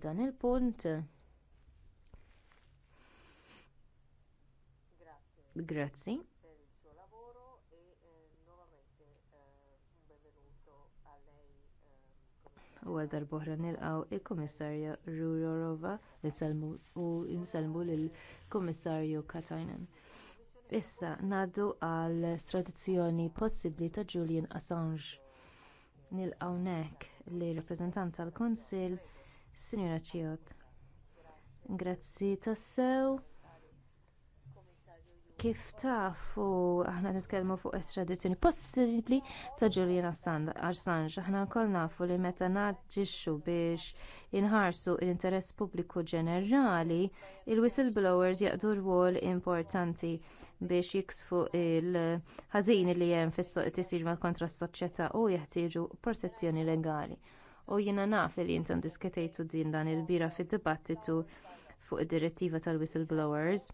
dan il-punt. Grazzi. U għadar boħra nilqaw il-Komissarja Rurorova u nsalmu l-Komissarju Katajnen. Issa naddu għal tradizzjoni possibbli ta' Julian Assange. Nilqaw nek li rappresentant tal-Konsil Sinjora Ċijot. Grazzi tassew. Kif tafu aħna nitkellmu fuq estradizjoni possibbli ta' Julian Assange. Aħna wkoll nafu li meta naġġixxu biex inħarsu l-interess pubbliku ġenerali, il-whistleblowers jaqdu rwol importanti biex jiksfu il-ħażin li hemm fis-tisir mal kontra s-soċjetà u jeħtieġu protezzjoni legali u jiena naf li intom diskutejtu din dan il-bira fid-dibattitu fuq id-direttiva tal-whistleblowers.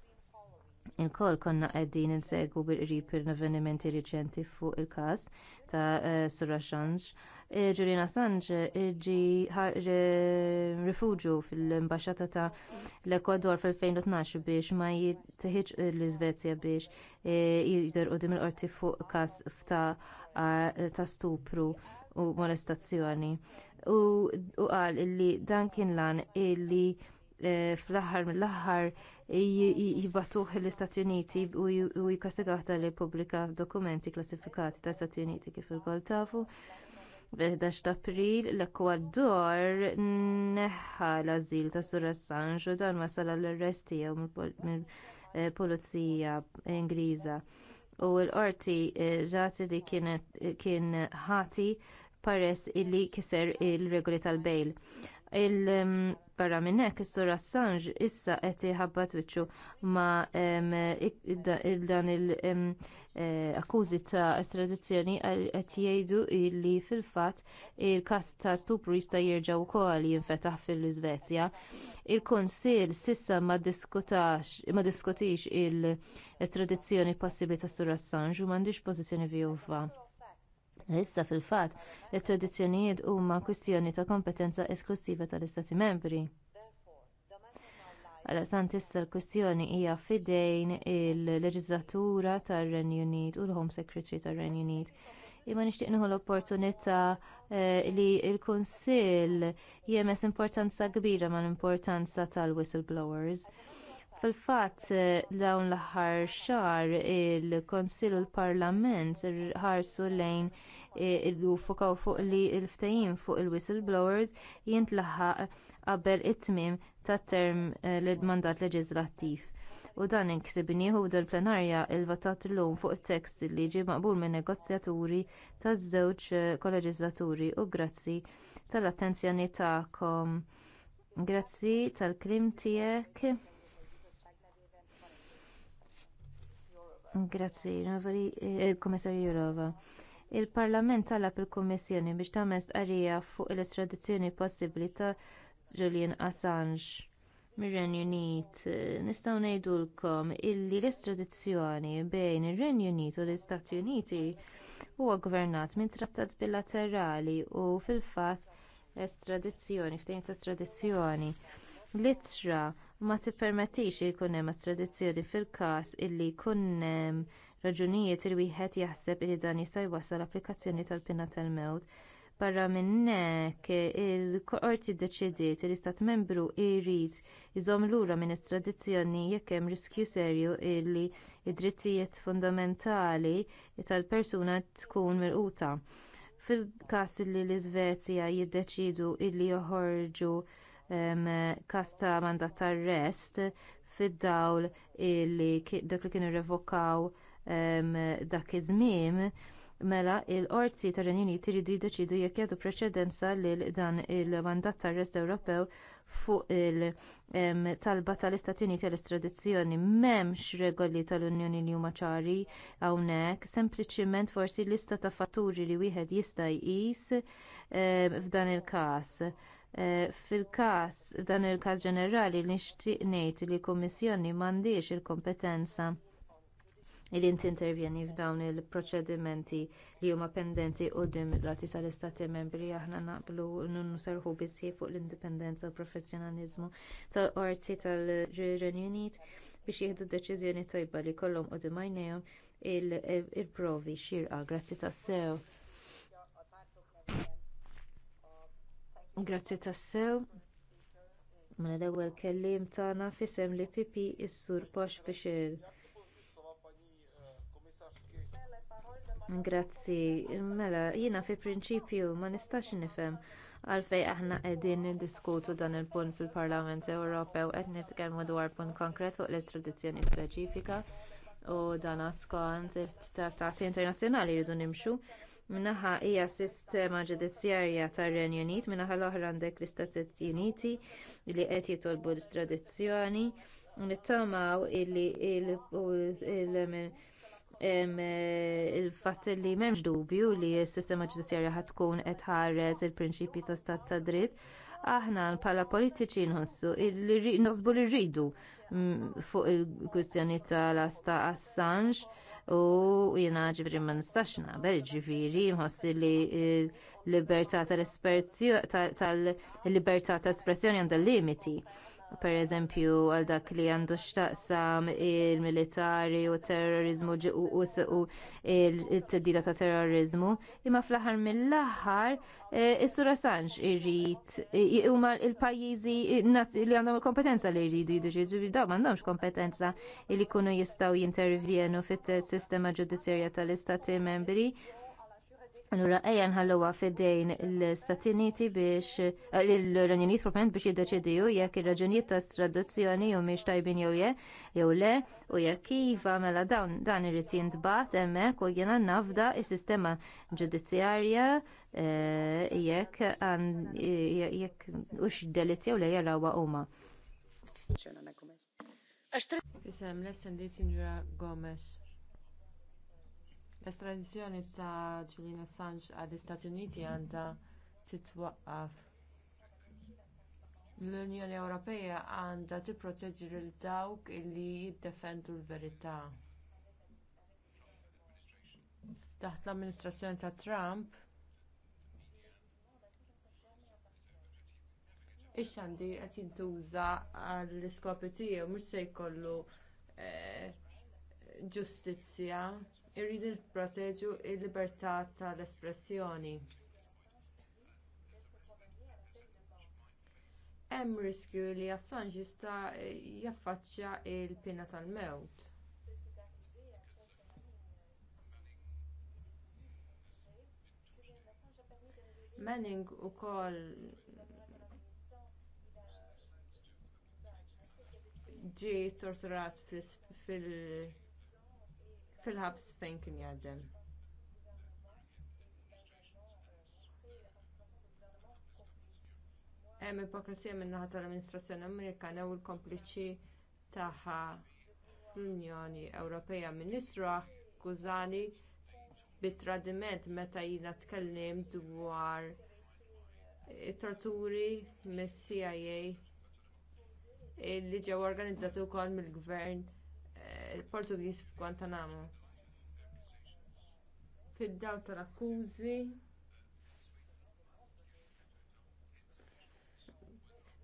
Inkoll konna qegħdin insegwu bil-qrib l-avvenimenti riċenti fuq il-każ ta' eh, Sur Assange. Eh, Julian Assange eh, ġi rifugju fil-imbaxxata ta' l-Ekwador fil-2012 biex ma jitħiġ l-Iżvezja biex jidher quddiem il-qorti fuq każ ta' stupru u molestazzjoni. U qal illi dan kien lan illi eh, fl-aħħar mill-aħħar jibbatuħ l-Istati Uniti u jikastigaw tal pubblika dokumenti klassifikati ta' Stati Uniti kif il-kol tafu. Bil-11 ta' April l-Ekwador neħħa l-azil ta' Sur Assange u dan wasal l-arrest jew mill-Pulizija eh, Ingliża. U l-qorti eh, ġati li kien ħati peress illi kiser il-regoli tal-bejl. Il-barra um, minnek, is-sur Assange issa qed iħabbat wiċċu ma' um, dan il-akkużi um, eh, ta' estradizzjoni qed jgħidu li fil-fatt il-każ ta' stupru jista' jerġa' wkoll jinfetaħ fil-Iżvezja. Il-Kunsill sissa ma diskutax ma diskutix il-estradizzjoni possibbli ta' sur Assange u m'għandix pożizzjoni vjuva. Issa fil-fatt, l tradizzjonijiet huma kwistjoni ta' kompetenza esklusiva tal-Istati membri. Għal-sant issa l-kwistjoni hija fidejn il-leġislatura tar-Renju Unit u l-Home Secretary tar-Renju Unit. Imma nixtieq nieħu l-opportunità eh, li l-Kunsill jemes importanza kbira mal-importanza tal-whistleblowers. Fil-fatt eh, dawn l-aħħar xahar il-Konsil u l-Parlament ħarsu lejn eh, il-fukaw fuq li l-ftajim fuq il-whistleblowers jintlaħħaq qabel it-tmiem ta' term eh, l-mandat leġislattiv. U dan inksib nieħu dal-plenarja il-votat l fuq it tekst li ġie maqbul minn negozjaturi taż-żewġ koleġislaturi u grazzi tal-attenzjoni tagħkom. Grazzi tal-klim tiegħek. Grazzi, il-Komissarju eh, Jurova. Il-Parlament talab il-Kummissjoni biex tagħmel stqarrija fuq l-estradizzjoni possibbli ta' Julian Assange mir-Renju Unit. Nistgħu ngħidulkom illi l-estradizzjoni bejn ir-Renju Unit u l-Istati Uniti huwa gvernat minn trattat bilaterali u fil-fatt estradizzjoni, ftehim ta' estradizzjoni. Litra ma tippermettix li jkun hemm estradizzjoni fil-każ illi jkun hemm raġunijiet li wieħed jaħseb li dan jista' jwassal applikazzjoni tal-pina tal-mewt. Barra minn hekk il-qorti ddeċidiet li l-istat membru jrid iżomm lura minn estradizzjoni jekk hemm riskju serju li d-drittijiet fundamentali tal-persuna tkun milquta. Fil-każ li l-Iżvezja jiddeċiedu li joħorġu każ ta' mandat ta' arrest fid-dawl li dak li kienu revokaw dak iż-żmiem mela l qorti tar renju Unit iridu jiddeċidu jekk jagħtu preċedenza lil dan il-mandat tar arrest Ewropew fuq il-talba tal-Istati Uniti għall-estradizzjoni m'hemmx regoli tal-Unjoni li huma ċari hawnhekk, sempliċiment forsi lista ta' fatturi li wieħed jista' jqis f'dan il-każ Eh, Fil-każ, dan il-każ ġenerali nixtieq ngħid li l-Kummissjoni m'għandix il-kompetenza li inti intervjeni f'dawn il-proċedimenti li huma pendenti quddiem ir-rati tal-istati membri aħna naqblu nserħu bissi fuq l-indipendenza u professjonaliżmu tal-qorti tal-Renju Unit biex jieħdu deċiżjoni tajba li jkollhom quddiem għajnejhom il-provi xirqa grazzi tas-sew. Grazzi tassew. Mela l-ewwel kelliem tagħna fisem li pipi is-sur Posh Bixil. Grazzi, mela, jiena fi prinċipju ma nistax nifhem għalfej aħna qegħdin niddiskutu dan il-punt fil-Parlament Ewropew qed nitkellmu dwar punt konkret fuq l-tradizzjoni speċifika u dan skont it-trattati internazzjonali jridu nimxu Minnaħa hija sistema ġudizzjarja tar-Renju Unit, minnaħa l-oħra għandek l-Istati Uniti li qed jitolbu l-istradizzjoni. Nittamaw illi il-fatt li m'hemmx dubju li s-sistema ġudizzjarja ħadd tkun qed ħares il-prinċipji ta' stat ta' dritt. Aħna bħala politiċi nħossu naħsbu li rridu mm, fuq il-kwistjoni tal-asta Assange u jiena ġifri ma nistax naqbel ġifiri nħossi li l-libertà tal-libertà ta' espressjoni għandha limiti pereżempju għal dak li għandu xtaqsam il-militari u terrorizmu u il-teddida ta' terrorizmu, imma fl aħħar mill aħħar eh, is sura Sanx irrit, huma il-pajjiżi li għandhom kompetenza li jridu jidġiġu, daw m'għandhomx kompetenza li jkunu jistgħu jintervjenu fit-sistema ġudizzjarja tal-istati membri. Allura ejja nħalluha fidejn l-Stati Uniti biex eh, l-Renjuniet propament biex jiddeċidiju jekk ir-raġunijiet ta' traduzzjoni jew miex tajbin jew je jew le u jekk iva mela dawn dan irid jintbagħat hemmhekk u jiena nafda s-sistema ġudizzjarja eh, jekk eh, jekk hux delitt jew le jarawha huma. Isem, l-essendi Signora Gomez. L-estradizjoni ta' Julian Assange għall istati Uniti għandha titwaqqaf. L-Unjoni Ewropea għandha tipproteġi lil dawk li jiddefendu l-verità. Taħt l-amministrazzjoni ta' Trump ix-xandir qed jintuża għall iskopi tiegħu mhux se jkollu eh, ġustizzja. Eh, irridu nipproteġu l libertà tal-espressjoni. Hemm riskju li Assange jista' jaffaċċja l pena tal-mewt. Manning ukoll ġie torturat fil fil-ħabs fejn kien jgħaddem. Hemm ipokrisija min-naħa tal-Amministrazzjoni Amerikana u l-kompliċi tagħha fl-Unjoni Ewropea Ministru akkużani bit-tradiment meta jiena tkellim dwar torturi mis-CIA li ġew organizzati wkoll mill-gvern il-Portugis f'Guantanamo. Fid-dawl tal-akkużi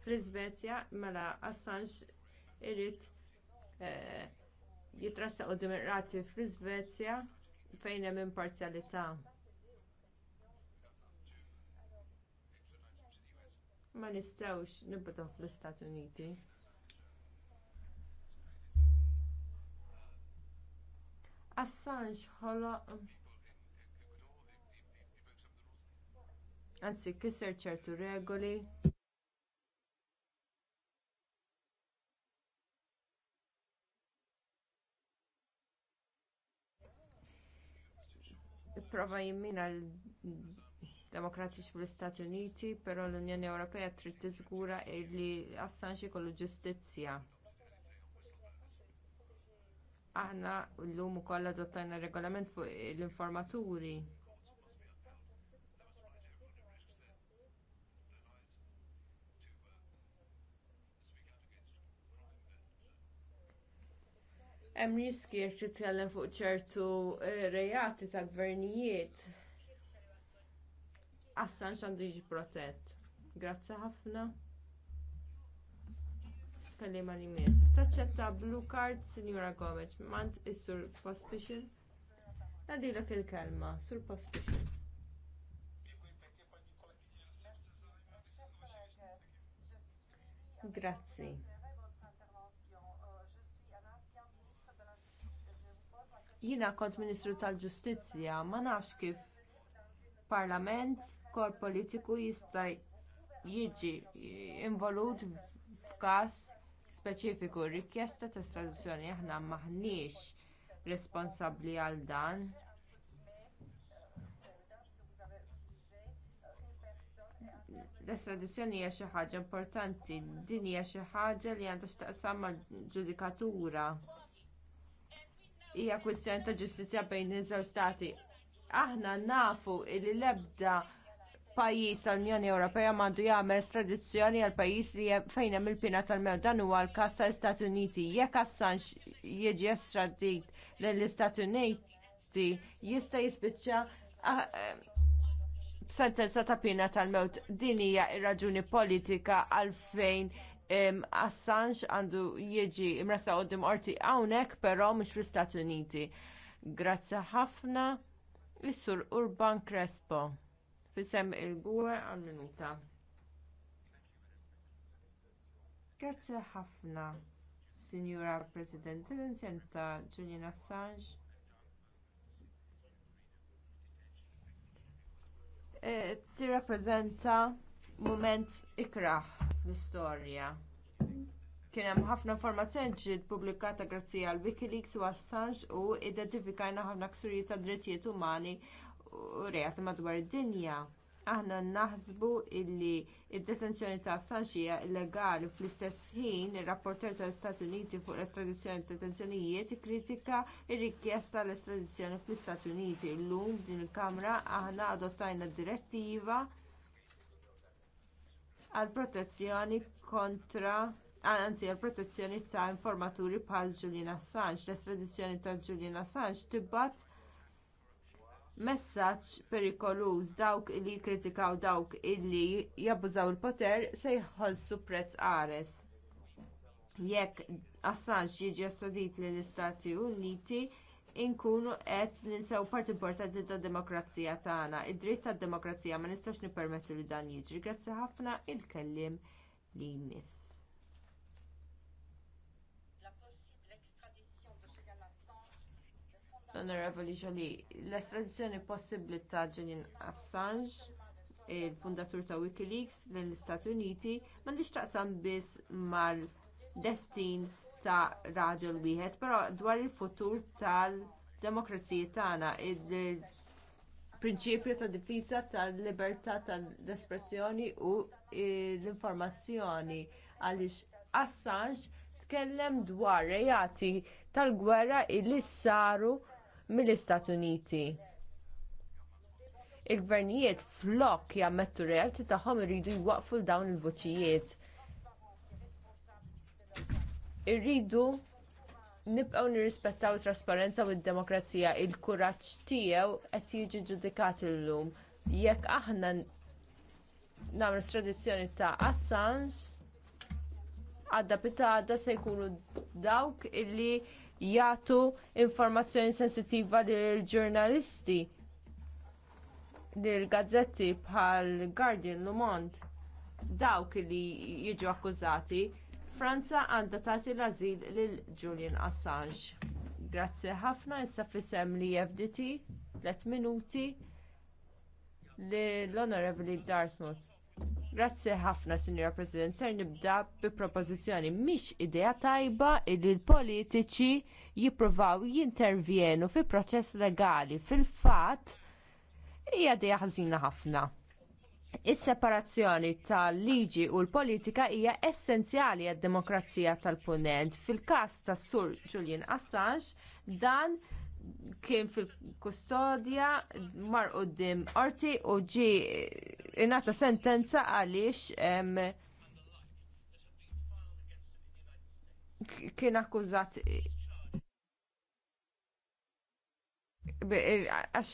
fl-Iżvezja mela Assange irrit eh, jitrasa u qudiem ir-rati fl-Iżvezja fejn hemm imparzjalità. Ma nistgħux nibbadaw fl-Istati Uniti. Assange ħoloq anzi kisser ċertu regoli Prova jimmina l-demokratiċi fl-Istati Uniti, però l-Unjoni Ewropea trid tiżgura li Assange kollu ġustizzja. Aħna llum ukoll adottajna regolament fuq l-informaturi. Hemm riski jekk titkellem fuq ċertu eh, rejati ta' gvernijiet. Assange għandu jiġi protett. Grazzi ħafna il-kellima li Taċċetta blue card Signora Gomez, mant is-sur Pospixil. Nadilok il-kelma, sur Pospixil. Grazzi. Jiena kont Ministru tal ġustizja ma nafx kif parlament, kor politiku jista' jiġi involut f'każ speċifiku r-rikjesta ta' traduzzjoni aħna maħniex responsabbli għal dan. L-estradizzjoni hija xi ħaġa importanti, din hija xi ħaġa li għandha x'taqsam mal-ġudikatura. Hija kwistjoni ta' ġustizzja bejn iż-żewġ stati. Aħna nafu li l-ebda pajjiż tal-Unjoni Ewropea m'għandu jagħmel tradizzjoni għal pajjiż li fejn hemm il-pina tal-mew dan huwa l-każ tal-Istati Uniti. Jekk Assange jiġi estradit lill-Istati Uniti jista' jispiċċa b'sentenza ah, eh, ta' pina tal-mewt. Din hija r-raġuni politika għalfejn Assange għandu jiġi imressa quddiem qorti hawnhekk però mhux fl-Istati Uniti. Grazzi ħafna. Is-Sur Urban Crespo. Fisem il-gwe għal-minuta. Grazie ħafna, Signora President, l-inċenta Julian Assange. Eh, ti rappresenta moment ikraħ fl-istorja. Kien hemm ħafna informazzjoni ġiet pubblikata grazzi għal Wikileaks u Assange u identifikajna ħafna ksurijiet ta' drittijiet umani U rejat madwar id-dinja. Aħna naħsbu illi id-detenzjoni ta' Assange illegali fl-istess ħin ir-rapporter tal-Istati Uniti fuq l-estradizzjoni ta' detenzjonijiet ikkritika r-rikjesta l-estradizzjoni fl-Istati Uniti. llum din il-Kamra aħna adottajna direttiva għall protezzjoni kontra anzi għal protezzjoni ta' informaturi bħal Julian Assange. L-estradizzjoni ta' Julian Assange tibbat messaġġ perikoluż dawk li jikkritikaw dawk illi jabbużaw il-poter se jħallsu prezz qares. Jekk Assange jiġi assodit lill istati Uniti, inkunu qed ninsew part importanti tad-demokrazija tagħna. Id-dritt tad-demokrazija ma nistax nippermettu li dan jiġri. Grazzi ħafna il-kellim li jmiss. l-Onorevoli Jolie, l-estradizzjoni possibbli ta' Julian Assange, il-fundatur ta' Wikileaks l-Istati Uniti, m'għandix taqsam biss mal-destin ta' raġel wieħed, però dwar il-futur tal-demokrazija tagħna, il-prinċipju ta' difiża tal-libertà tal-espressjoni u l-informazzjoni għaliex Assange tkellem dwar rejati tal-gwerra illi saru mill-Istat Uniti. Il-gvernijiet flok jammettu realti tagħhom iridu jwaqfu dawn il-voċijiet. Irridu nibqgħu nirrispettaw it trasparenza u d-demokrazija, il-kuraġġ tiegħu qed jiġi ġudikat illum. Jekk aħna nagħmlu tradizzjoni ta' Assange, għadda pitada se jkunu dawk illi jagħtu informazzjoni sensittiva lill ġurnalisti lill gazzetti bħal Guardian Le Monde dawk li jiġu akkużati Franza għandha tagħti l-azil lil Julian Assange. Grazzi ħafna issa fisem li FDT 3 minuti l-Honorable Dartmouth. Grazzi ħafna, Sinjora President. Ser nibda bi propożizzjoni mhix idea tajba li l-politiċi jippruvaw jintervjenu fi proċess legali. Fil-fatt hija idea ħażina ħafna. Is-separazzjoni tal-liġi u l-politika hija essenzjali għad-demokrazija tal-punent. Fil-każ tas-Sur Julian Assange dan kien fil-kustodja mar qoddim orti u ġi inata sentenza għaliex kien akkużat għax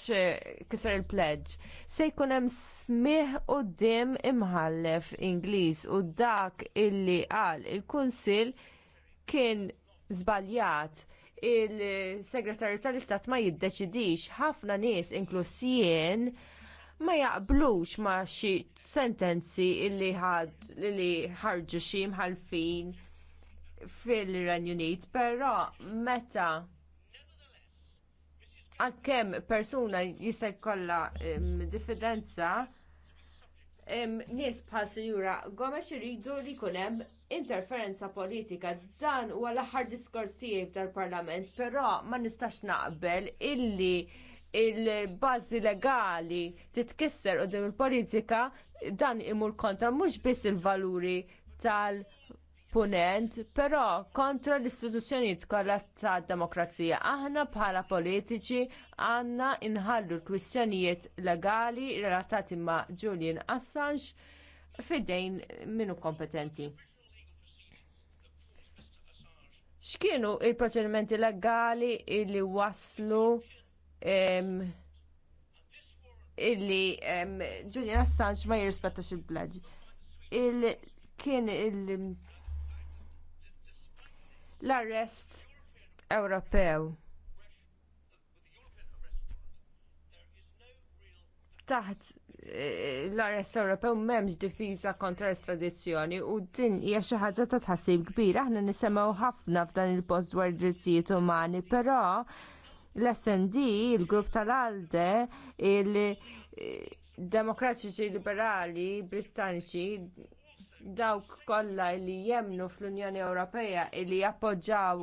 kisar il-pledge. Se jkun hemm smih quddiem imħallef Ingliż u dak illi qal il-Kunsill kien żbaljat il-segretarju tal-istat ma jiddeċidix ħafna nies inklusjien ma jaqblux ma xi sentenzi illi ħad li ħarġu xi mħalfin fil-Iran Unit, però meta għalkemm persuna jista' jkollha mm, diffidenza nies bħal Sinjura Gomes iridu li jkun hemm interferenza politika dan huwa l-aħħar diskors tiegħi tal-Parlament, però ma nistax naqbel illi il-bażi legali titkisser qudiem il-politika dan imur kontra mhux biss il-valuri tal-Parlament punent, però kontra l-istituzzjonijiet kollha tad-demokrazija. Aħna bħala politiċi għandna inħallu l-kwistjonijiet legali relatati ma' Julian Assange fidejn minu kompetenti. X'kienu l proċedimenti legali illi waslu illi Julian Assange ma jirrispettax il-pledge? Il kien il- l-arrest Ewropew. Taħt eh, l-arrest Ewropew m'hemmx difiża kontra l-estradizzjoni u din hija xi ħaġa ta' tħassib kbir. Aħna nisimgħu ħafna f'dan il-post dwar drittijiet umani, però l-SND, il-grupp tal-ALDE, il-Demokratiċi eh, Liberali Brittaniċi dawk kollha li jemnu fl-Unjoni Ewropea li jappoġġaw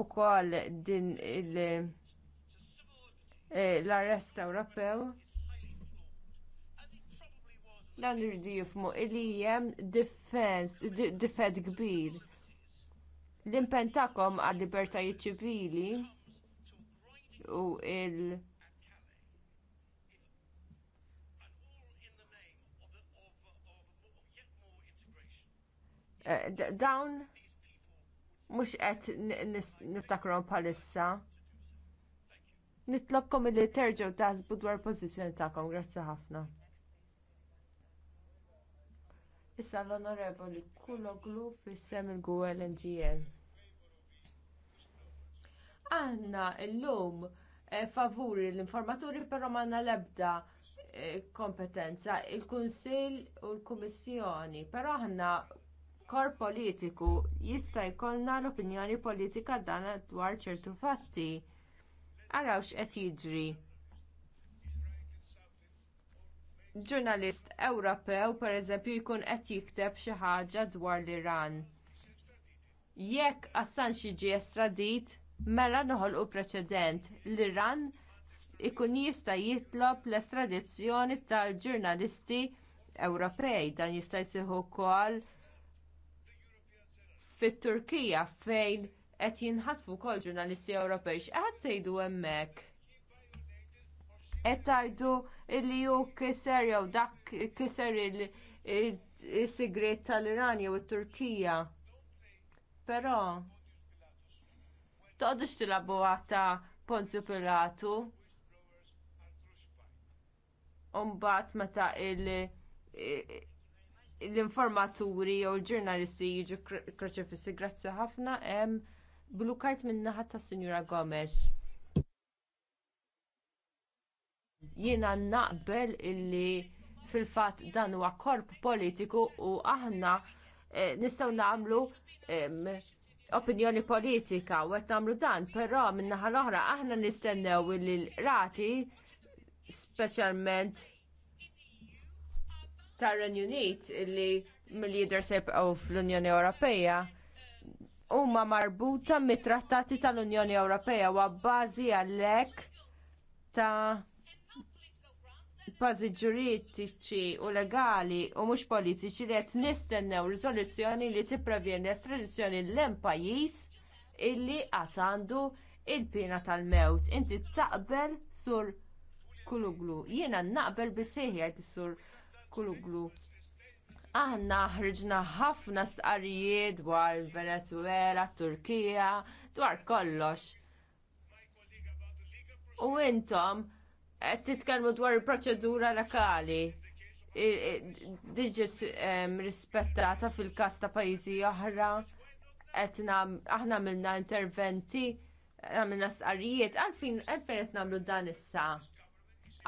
ukoll din eh, l-arrest Ewropew dan irridu jifmu li hemm difed kbir. L-impentakom għal libertajiet ċivili u il- Eh, dawn mhux qed niftakrom palissa. Nitlobkom li terġgħu taħsbu dwar pożizzjoni tagħkom, grazzi ħafna. Issa l-onorevoli Kuloglu fissem il-Gwel NGL. Aħna llum eh, favuri l-informaturi però m'għandna l-ebda eh, kompetenza il kunsil u l-Kummissjoni, però aħna kor politiku jista' jkollna l-opinjoni politika dan dwar ċertu fatti. Arawx qed jiġri. Ġurnalist Ewropew pereżempju jkun qed jikteb xi ħaġa dwar l-Iran. Jekk Assange jiġi estradit, mela noħolqu preċedent l-Iran ikun jista' jitlob l-estradizzjoni tal-ġurnalisti Ewropej dan jista' jsieħu wkoll fit-Turkija fejn qed jinħatfu wkoll ġurnalisti Ewropej. X'qed tgħidu hemmhekk? Qed tgħidu li hu kiser jew dak kiser is-sigret tal-Iran jew it-Turkija. Però toqgħodux tilabu ta' Ponzio Pilatu. Umbat meta il- l-informaturi jew l-ġurnalisti jiġu kroċifissi grazzi ħafna hemm blu kart min-naħa tas Sinjura Gomes. Jiena naqbel illi fil-fatt dan huwa korp politiku u aħna eh, nistgħu nagħmlu opinjoni politika u qed nagħmlu dan, però min-naħa l-oħra aħna nistennew illi l-rati speċjalment tar-Renju Unit li mill-lider sebqgħu fl-Unjoni Ewropea huma marbuta mit-trattati tal-Unjoni Ewropea u bażi għalhekk ta' bażi ġuridiċi u legali u mhux politiċi li qed nistennew riżoluzzjoni li tippravjeni estradizzjoni l-hemm pajjiż illi qatt għandu il pina tal-mewt. Inti taqbel sur kuluglu. Jiena naqbel bisejjer sur Kuluglu. Aħna ħriġna ħafna sqarijiet dwar Venezuela, Turkija, dwar kollox. U intom qed titkellmu dwar il-proċedura lokali diġit rispettata fil-kas ta' pajjiżi oħra, aħna għamilna interventi, għamilna sqarijiet, għalfejn qed nagħmlu dan issa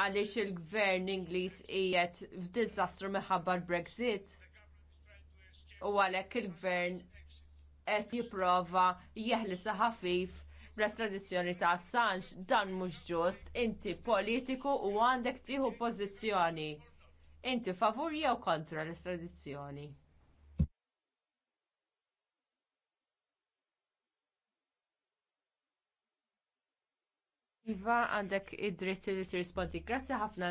għaliex il-gvern Ingliż qiegħed f'diżastru minħabba l-Brexit. U għalhekk il-gvern qed jipprova jeħlisa ħafif bl-estradizzjoni ta' Assange dan mhux ġust, inti politiku u għandek tieħu pożizzjoni. Inti favur jew kontra l-estradizzjoni? Iva għandek id-dritt li tirrispondi. Grazzi ħafna,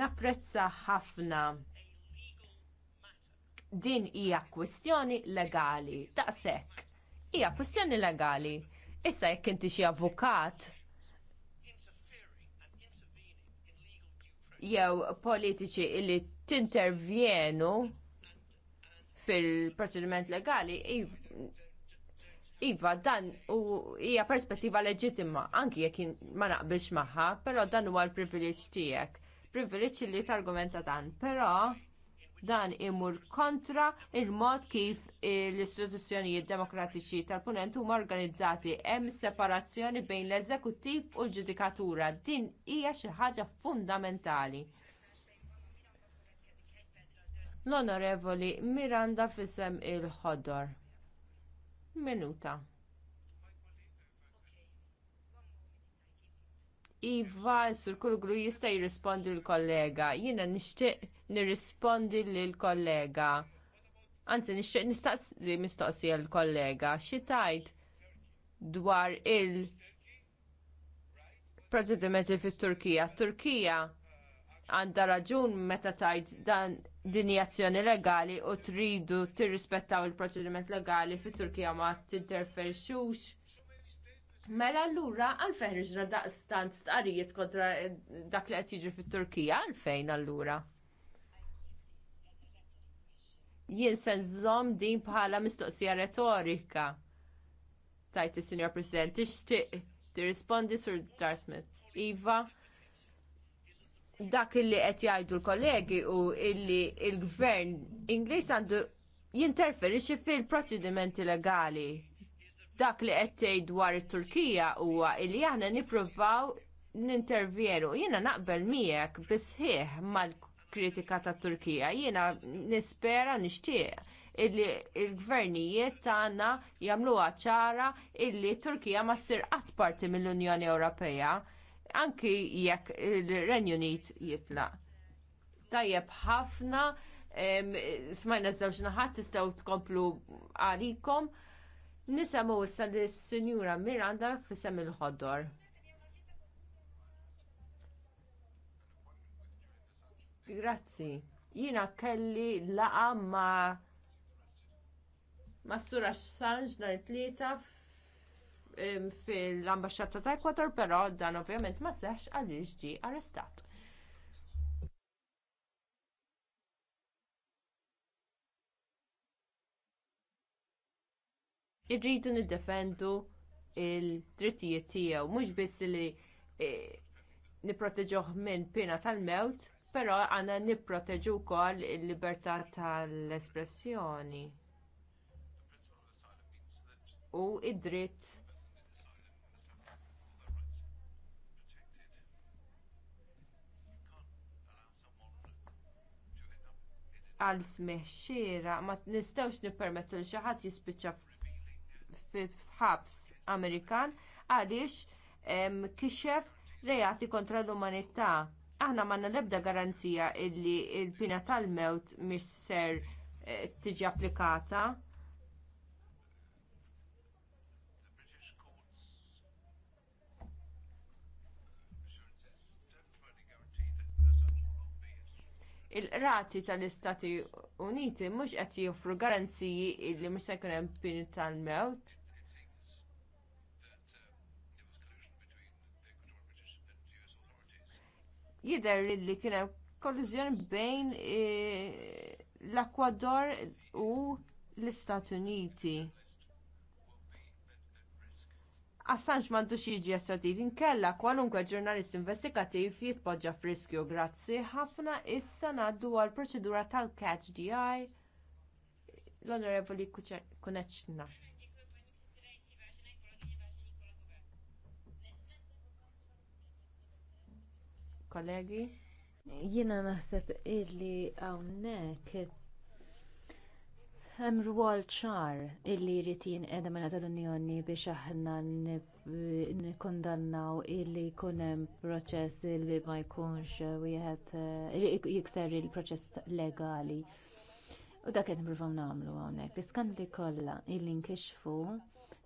napprezza ħafna. Din hija kwistjoni legali, daqshekk. Hija kwestjoni legali. Issa jekk inti xi avukat jew politiċi li tintervjenu fil-proċediment legali, Iva, dan u hija perspettiva leġitima, anki jekk ma naqbilx magħha, però dan huwa l-privileġġ tiegħek. Privileġġ li targumenta dan, però dan imur kontra il-mod kif l-istituzzjonijiet demokratiċi tal-punent huma organizzati hemm separazzjoni bejn l-eżekuttiv u l-ġudikatura. Din hija xi ħaġa fundamentali. L-Onorevoli Miranda fisem il-ħodor. Minuta. Iva, sur gru jista jirrispondi l-kollega. Jina nishtiq nirrispondi l-kollega. Anzi, nishtiq nistaqsi mistoqsi l-kollega. Xitajt dwar il- proċedimenti fit-Turkija. Turkija għandha raġun meta tajt dan dini azzjoni legali u tridu tirrispettaw il-proċediment legali fit turkija ma tinterferixux. Mela allura għalfejn iġra daqstant stqarijiet kontra dak li qed jiġi fit-Turkija għalfejn allura? Jien se nżomm din bħala mistoqsija retorika. Tajt is-Sinjor President tixtieq tirrispondi sur Dartmouth. Iva, dak illi qed jgħidu l-kollegi u illi il-gvern Ingliż għandu jinterferixxi fil-proċedimenti legali. Dak li qed tgħid dwar it-Turkija huwa illi aħna nippruvaw nintervjeru. Jiena naqbel miegħek bisħieħ mal-kritika tat Turkija. Jiena nispera nixtieq illi il-gvernijiet tagħna jagħmluha ċara illi Turkija ma ssir qatt parti mill-Unjoni Ewropea anki jekk il-Renju Unit Tajjeb ħafna, smajna żewġ naħat tistgħu tkomplu għalikom. Nisamu issa l-Sinjura Miranda fisem il-ħoddor. Grazzi. Jina kelli laqa ma' ma' Sura Sanġ nar tlieta fil-ambasċata ta' Ekwator, però dan ovvjament ma seħx għaliex ġie arrestat. Irridu niddefendu il-drittijiet tiegħu mhux biss li e, nipproteġuh minn pena tal-mewt, però għandna nipproteġu wkoll il-libertà tal-espressjoni u id-dritt għal smeħxiera ma nistgħux nippermettu li xi ħadd jispiċċa f'ħabs Amerikan għaliex kixef reati kontra l-umanità. Aħna m'għandna l-ebda garanzija li l-pina tal-mewt mhix ser eh, tiġi applikata. il-rati tal-Istati Uniti mhux qed joffru garanziji li mhux se jkun hemm pini tal-mewt. Jidher li kien hemm kollużjoni bejn eh, l-Ekwador u l-Istati Uniti. Assange mandu xieġi assertiv inkella kwalunkwe ġurnalist investigativ jitpoġġa friskju grazzi ħafna issa naddu għal proċedura tal-catch DI l-onorevoli Kuneċna. Kollegi? Jina naħseb illi għawnek hemm rwol ċar illi jrid jinqeda mela tal-Unjoni biex aħna nikkondannaw illi jkun hemm proċess illi ma jkunx wieħed eh, jikser il-proċess legali. U dak qed nippruvaw nagħmlu hawnhekk. L-iskandli kollha illi nkixfu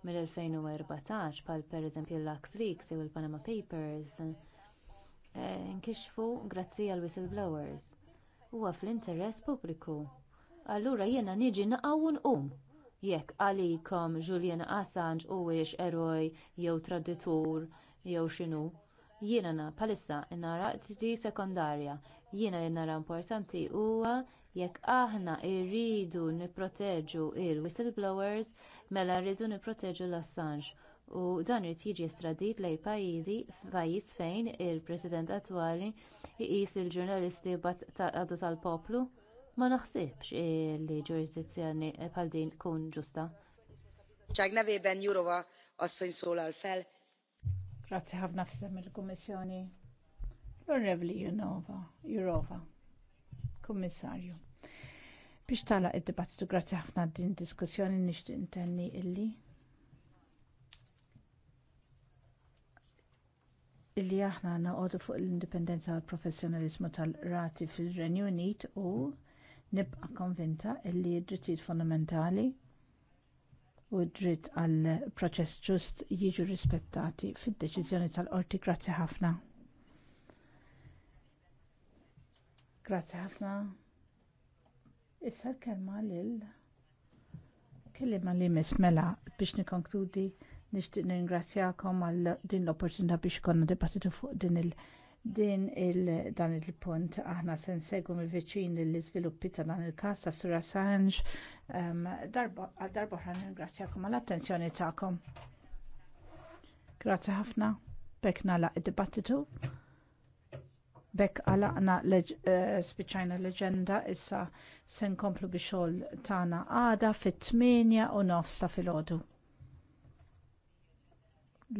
mill-2014 bħal pereżempju l-Lux Leaks jew il-Panama Papers eh, nkixfu grazzi għall whistleblowers. Huwa fl-interess pubbliku allura jiena niġi naqawun um. Jekk għalikom Julian Assange huwiex eroj jew traditur jew x'inhu. Jiena na palissa nara tri sekondarja. Jiena li nara importanti huwa jekk aħna rridu nipproteġu l whistleblowers mela rridu nipproteġu l-Assange u dan irid jiġi stradit lejn pajjiżi f'pajjiż fejn il-President attwali jqis il-ġurnalisti għadu tal-poplu ma naħsibx eh, li ġurisdizzjoni eh, bħal din tkun ġusta. ċag ben Jurova asszony għal fel. Grazzi ħafna f'sem il-Kummissjoni. L-Onorevoli Jurova, Kummissarju. Biex tala id-dibattitu grazzi ħafna din diskussjoni nixtieq intenni illi. illi aħna naqodu fuq l-indipendenza u l-professjonalizmu tal-rati fil-Renju Unit u Nibqa' konvinta li d-drittijiet fondamentali u d-dritt għal proċess ġust jiġu rispettati fid-deċiżjoni tal-qorti. Grazzi ħafna. Grazzi ħafna. Issa l-kelma lil kelima li mela biex nikonkludi nixtieq ningrazzjakom għal din l-opportunità biex konna dibattitu fuq din il- din il dan il-punt aħna se nsegwu mill-viċin l-iżviluppi ta' dan il-każ ta' Sur Assange. Ehm, għal darba darba ħan ringrazzjakom għall-attenzjoni tagħkom. Grazzi ħafna. Bekk nagħlaq id-dibattitu. Bekk għalaqna eh, spiċċajna spiċajna leġenda issa se nkomplu biex xogħol tagħna għada fit tminja u nofs ta' filgħodu.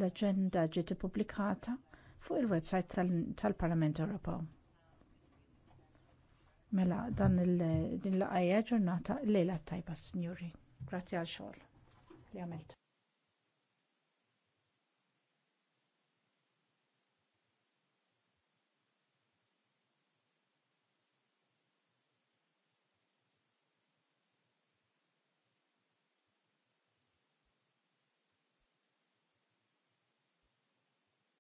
L-aġenda ġiet ippubblikata fuq il-website tal-Parlament Ewropew. Mela, dan il-laqajja ġurnata lejla tajba, signori. Grazzi għal xogħol li għamilt.